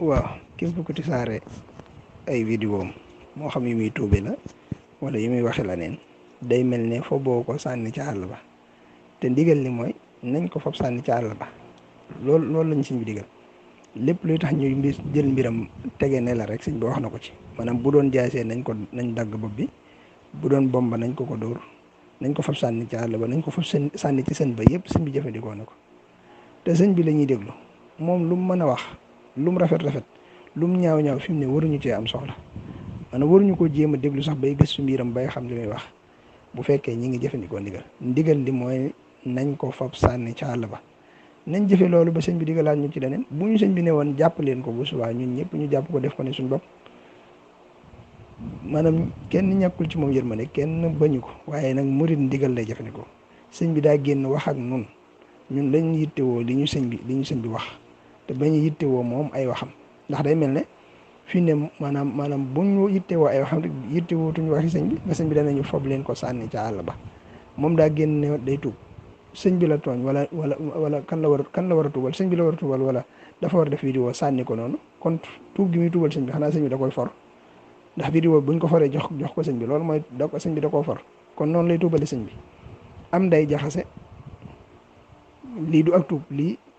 waaw képp ku tisaare ay vidéo moo xam yu muy tuube la wala yu muy waxe la neen day mel ne fo boo ko sànni ci àll ba te ndigal li mooy nañ ko fob sànni ci àll ba loolu loolu lañ sëñ bi digal lépp luy tax ñuy mbir jël mbiram tege ne la rek sëñ ba wax na ko ci maanaam bu doon jaasee nañ ko nañ dagg bopp bi bu doon bomba nañ ko ko dóor nañ ko fab sànni ci àll ba nañ ko fab seen sànni ci seen ba yëpp sëñ bi jëfandikoo na ko te sëñ bi lañuy ñuy déglu moom lu mu lum rafet rafet lum ñaaw ñaaw fi mu ne waruñu cee am soxla maanaam waruñu ko jéem a déglu sax bay gëstu mbiram bay xam li muy wax bu fekkee ñi ngi jëfandikoo ndigal ndigal di mooy nañ ko fab sànni ca àll ba nañ jëfe loolu ba sëñ bi digalaat ñu ci leneen bu ñu sëñ bi ne woon jàpp leen ko bu subaa ñun ñëpp ñu jàpp ko def ko ne suñu bopp maanaam kenn ñàkkul ci moom ma ne kenn bañu ko waaye nag murit ndigal day jëfandikoo sëñ bi daa génn wax ak nun ñun lañ yittewoo li ñu sëñ bi li sëñ bi wax te bañ a yittewoo moom ay waxam ndax day mel ne fii ne maanaam maanaam bu ñu yittewoo ay waxam rek yittewootuñu waxi sëñ bi ba sëñ bi danañu fob leen ko sànni ca àll ba moom daa génn ne day tuub sëñ bi la tooñ wala wala wala kan la war kan la war a tuubal sëñ bi la war a tuubal wala dafa war a def vidéo sànni ko noonu kon tuub gi muy tuubal sëñ bi xanaa da koy for ndax vidéo buñ ko foree jox jox ko sëñ bi loolu mooy da ko sëñ bi da koo for kon noon lay tuubale sëñ bi am day jaxase lii du ak tuub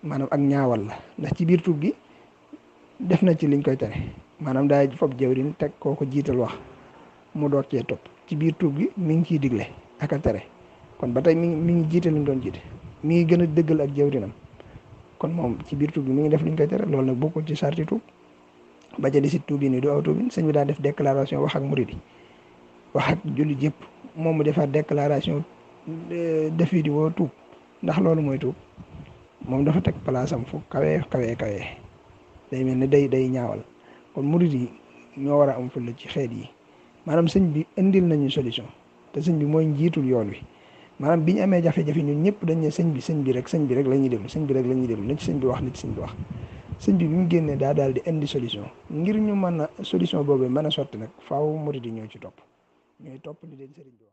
maanaam ak ñaawal la ndax ci biir tuub gi def na ci liñ koy tere maanaam daa fob jëwriñ teg koo ko jiital wax mu door cee topp ci biir tuub gi mi ngi ciy digle ak a tere kon ba tey mi ngi mi ngi jiite li mu doon jiite mi ngi gën a dëggal ak jëwriñam kon moom ci biir tuub bi mu ngi def liñ koy tere loolu nag bokkul ci sarti tuub ba ca desit tuub yi nii du aw def déclaration wax ak murid yi wax ak jullit yëpp moom mu defaat déclaration def euh, vidéo tuub ndax loolu mooy tuub moom dafa teg place am fu kawee kawee kawee day mel ni day day ñaawal kon murid yi ñoo war a am fulla ci xeet yi maanaam sëñ bi indil nañu solution te sëñ bi mooy njiitul yoon wi maanaam bi ñu amee jafe-jafe ñun ñëpp dañ ne sëñ bi sëñ bi rek sëñ bi rek la ñuy déglu sëñ bi rek la ñuy déglu na ci sëñ bi wax na ci sëñ bi wax sëñ bi bi génne génnee daa daal di indi solution ngir ñu mën a solution boobu mën a sotti nag faaw murid yi ñoo ci topp ñooy topp li leen sëriñ bi wax